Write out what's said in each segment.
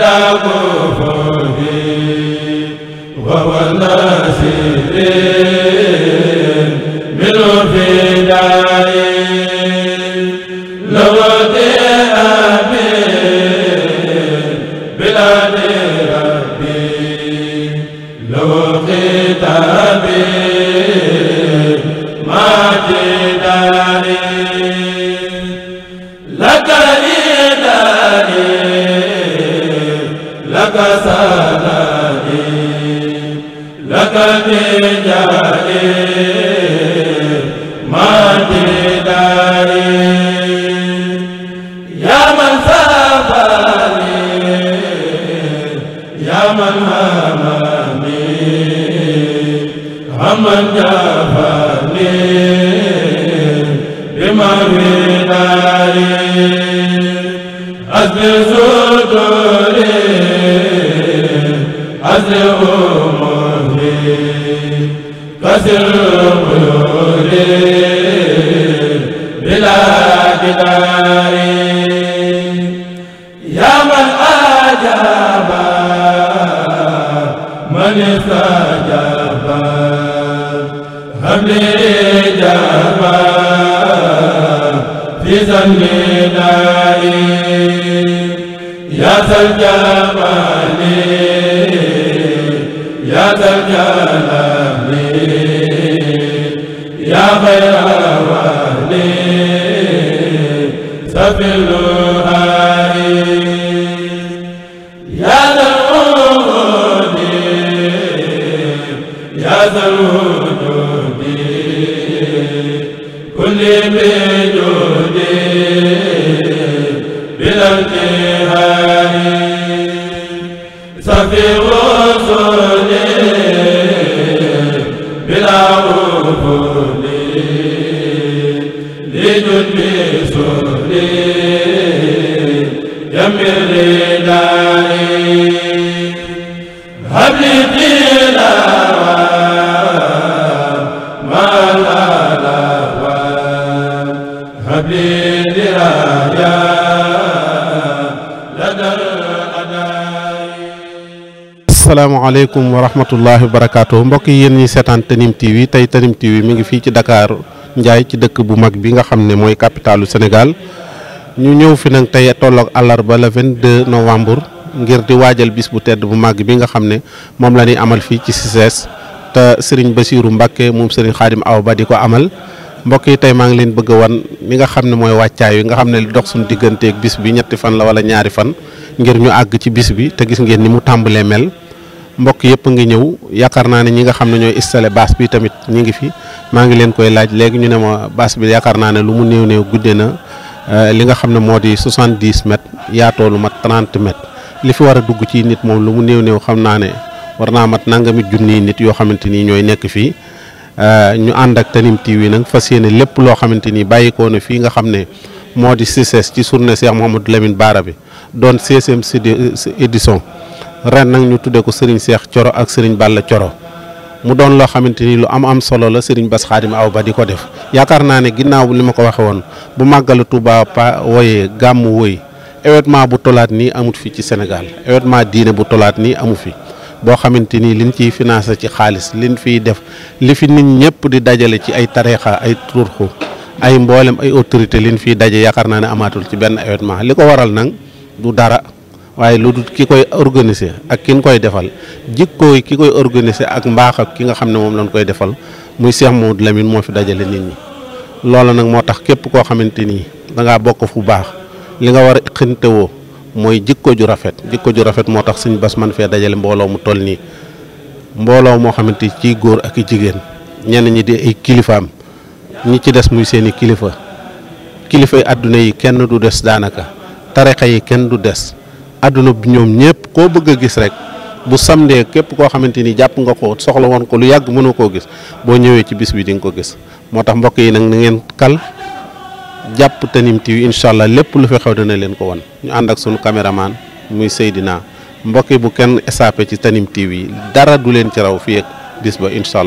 la Yes, أزر أموري كسر ميوري بلا جداري يا من أجاب من استجاب هبلي جابا في زمن داري يا ذا الجمال yaa dal jalali yaa xayra wahli safiluhayi yaa dal wudi yaa dal wujudi kulli bi judi bilal Amen. asalaamaaleykum wa rahmatullahi wa barakaatu mbokk yi yéen ñi seetaan Tanim TV tey Tanim TV mu ngi fii ci dakaaru Ndiaye ci dëkk bu mag bi nga xam ne mooy capitalu Sénégal ñu ñëw fi nag tey tolloog àllarba le 22 novembre ngir waajal bis bu tedd bu mag bi nga xam ne moom la ñuy amal fii ci CICES te Serigne Bassirou Mbacke moom Serigne Khadim aw Ba di ko amal mbokk yi tey maa ngi leen bëgg wan mi nga xam ne mooy wàccaay yi nga xam ne li dox suñu digganteeg bis bi ñetti fan la wala ñaari fan ngir ñu àgg ci bis bi te gis ngeen ni mu tàmbalee mel. mbokk yëpp ngi ñëw yaakaar naa ne ñi nga xam ne ñooy installé bâche bi tamit ñi ngi fi maa ngi leen koy laaj léegi ñu ne ma baas bi yaakaar naa ne lu mu néew néew guddee na euh, li nga xam ne moo di soixante-dix mètres yaatoo lu mat trente mètres li fi war a dugg ci nit moom lu mu néew néew xam naa ne war naa mat nangami junniy nit yoo xamante ni ñooy nekk fii euh, ñu ànd ak Tanime TV nag fas yéene lépp loo xamante ni bàyyikoo na fii nga xam ne moo di CCS ci journée Cheikh Mouhamadou Lamine Bara bi doon 16e édition ren nag ñu tuddee ko sëriñ Seex Coro ak sëriñ Balla Coro mu doon loo xamante ni lu am am solo la sëriñ Bass Xaadim aw ba di ko def yaakaar naa ne ginnaaw li ma ko waxee woon bu màggalu Tuuba pa wooyee gàmmu wooy événement bu tolaat nii amut fi ci Sénégal événement diine bu tolaat nii amu fi boo xamante ni liñ ciy financé ci xaalis liñ fiy def li fi nit ñëpp di dajale ci ay tariixa ay turxu ay mboolem ay autorité liñ fiy daje yaakaar naa ne amaatul ci benn événement li ko waral nag du dara waaye lu dul ki koy organiser ak ki koy defal jikkooy ki koy organiser ak mbaax ki nga xam ne moom lañ koy defal muy Cheikh Mamadou Lamine moo fi dajale nit ñi loola nag moo tax képp koo xamante nii dangaa bokk fu baax li nga war a xintewoo mooy jikko ju rafet jikko ju rafet moo tax suñ bas man fee dajale mbooloo mu toll nii mbooloo moo xamante ni ciy góor ak i jigéen ñenn ñi di ay kilifaam ñi ci des muy seeni kilifa kilifay àdduna yi kenn du des daanaka tarixa yi kenn du des àdduna bi ñoom ñëpp koo bëgg a gis rek bu samdee képp koo xamante ni jàpp nga ko soxla woon ko lu yàgg mënoo koo gis boo ñëwee ci bis bi di nga ko gis moo tax mbokk yi nag na ngeen kal jàpp Tanime TV incha allah lépp lu fi xew dana leen ko wan ñu ànd ak sunu caméraman muy Seydina mbokk yi bu kenn échappé ci Tanime yi dara du leen ci raw fii ak bis ba incha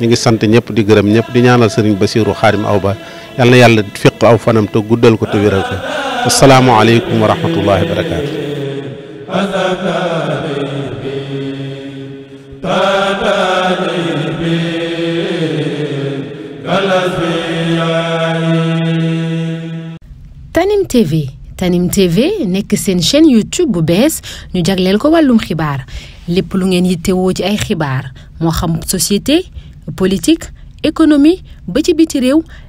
ñu ngi sant ñëpp di gërëm ñëpp di ñaanal sëriñ Basiiru Xaadim aw ba yàlla yàlla fiq aw fanam te guddal ko te wéral ko asalaamualeykum wa rahmatullahi Tanim TV. Tanim TV nekk seen chaîne YouTube bu bees ñu jagleel ko wàllum xibaar lépp lu ngeen yittewoo ci ay xibaar moo xam société politique économie ba ci biti réew